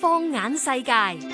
放眼世界。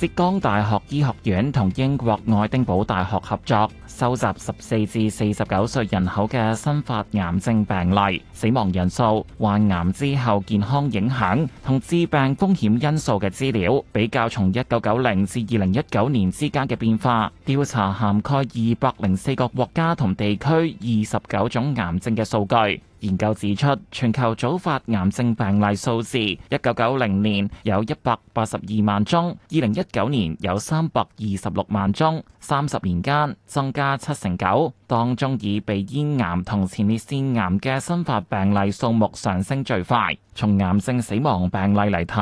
浙江大學醫學院同英國愛丁堡大學合作，收集十四至四十九歲人口嘅新發癌症病例、死亡人數、患癌之後健康影響同致病風險因素嘅資料，比較從一九九零至二零一九年之間嘅變化。調查涵蓋二百零四個國家同地區，二十九種癌症嘅數據。研究指出，全球早發癌症病例數字，一九九零年有一百八十二萬宗，二零一九年有三百二十六萬宗，三十年間增加七成九。當中以鼻咽癌同前列腺癌嘅新發病例數目上升最快。從癌症死亡病例嚟睇，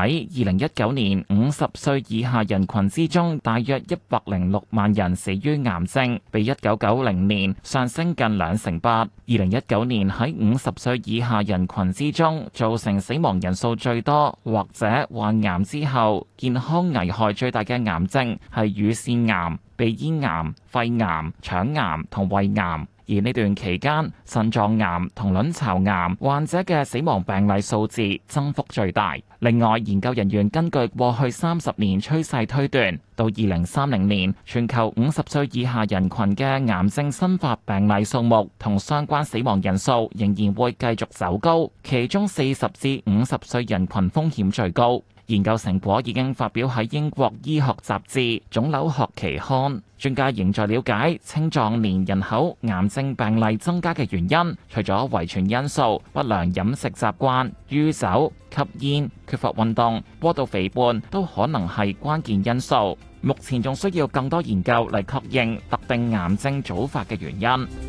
二零一九年五十歲以下人群之中，大約一百零六萬人死於癌症，比一九九零年上升近兩成八。二零一九年喺五十歲以下人群之中，造成死亡人數最多，或者患癌之後健康危害最大嘅癌症係乳腺癌。鼻咽癌、肺癌、腸癌同胃癌，而呢段期間腎臟癌同卵巢癌患者嘅死亡病例數字增幅最大。另外，研究人員根據過去三十年趨勢推斷，到二零三零年，全球五十歲以下人群嘅癌症新發病例數目同相關死亡人數仍然會繼續走高，其中四十至五十歲人群風險最高。研究成果已經發表喺《英國醫學雜誌腫瘤學期刊》，專家仍在了解青壯年人口癌症病例增加嘅原因。除咗遺傳因素、不良飲食習慣、酗酒、吸煙、缺乏運動、過度肥胖都可能係關鍵因素。目前仲需要更多研究嚟確認特定癌症早發嘅原因。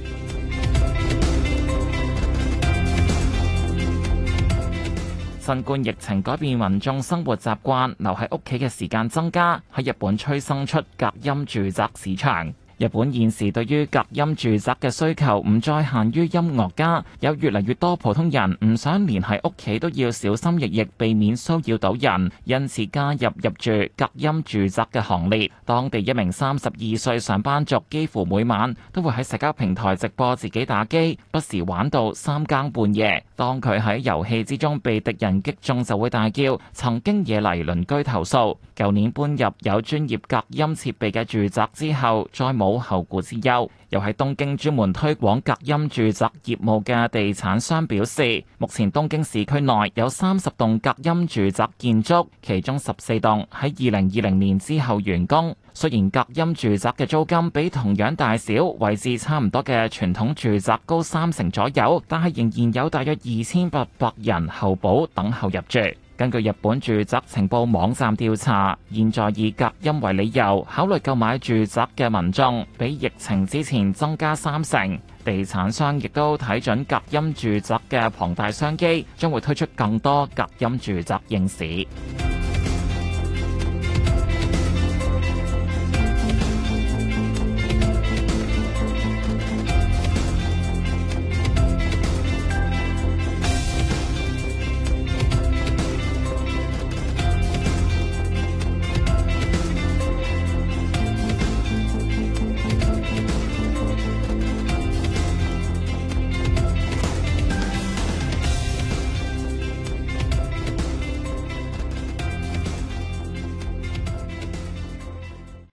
新冠疫情改變民眾生活習慣，留喺屋企嘅時間增加，喺日本催生出隔音住宅市場。日本現時對於隔音住宅嘅需求唔再限於音樂家，有越嚟越多普通人唔想連喺屋企都要小心翼翼，避免騷擾到人，因此加入入住隔音住宅嘅行列。當地一名三十二歲上班族，幾乎每晚都會喺社交平台直播自己打機，不時玩到三更半夜。當佢喺遊戲之中被敵人擊中，就會大叫，曾經惹嚟鄰居投訴。舊年搬入有專業隔音設備嘅住宅之後，再冇。冇後顧之憂。又係東京專門推廣隔音住宅業務嘅地產商表示，目前東京市區內有三十棟隔音住宅建築，其中十四棟喺二零二零年之後完工。雖然隔音住宅嘅租金比同樣大小、位置差唔多嘅傳統住宅高三成左右，但係仍然有大約二千八百人候補等候入住。根據日本住宅情報網站調查，現在以隔音為理由考慮購買住宅嘅民眾，比疫情之前增加三成。地產商亦都睇準隔音住宅嘅龐大商機，將會推出更多隔音住宅應市。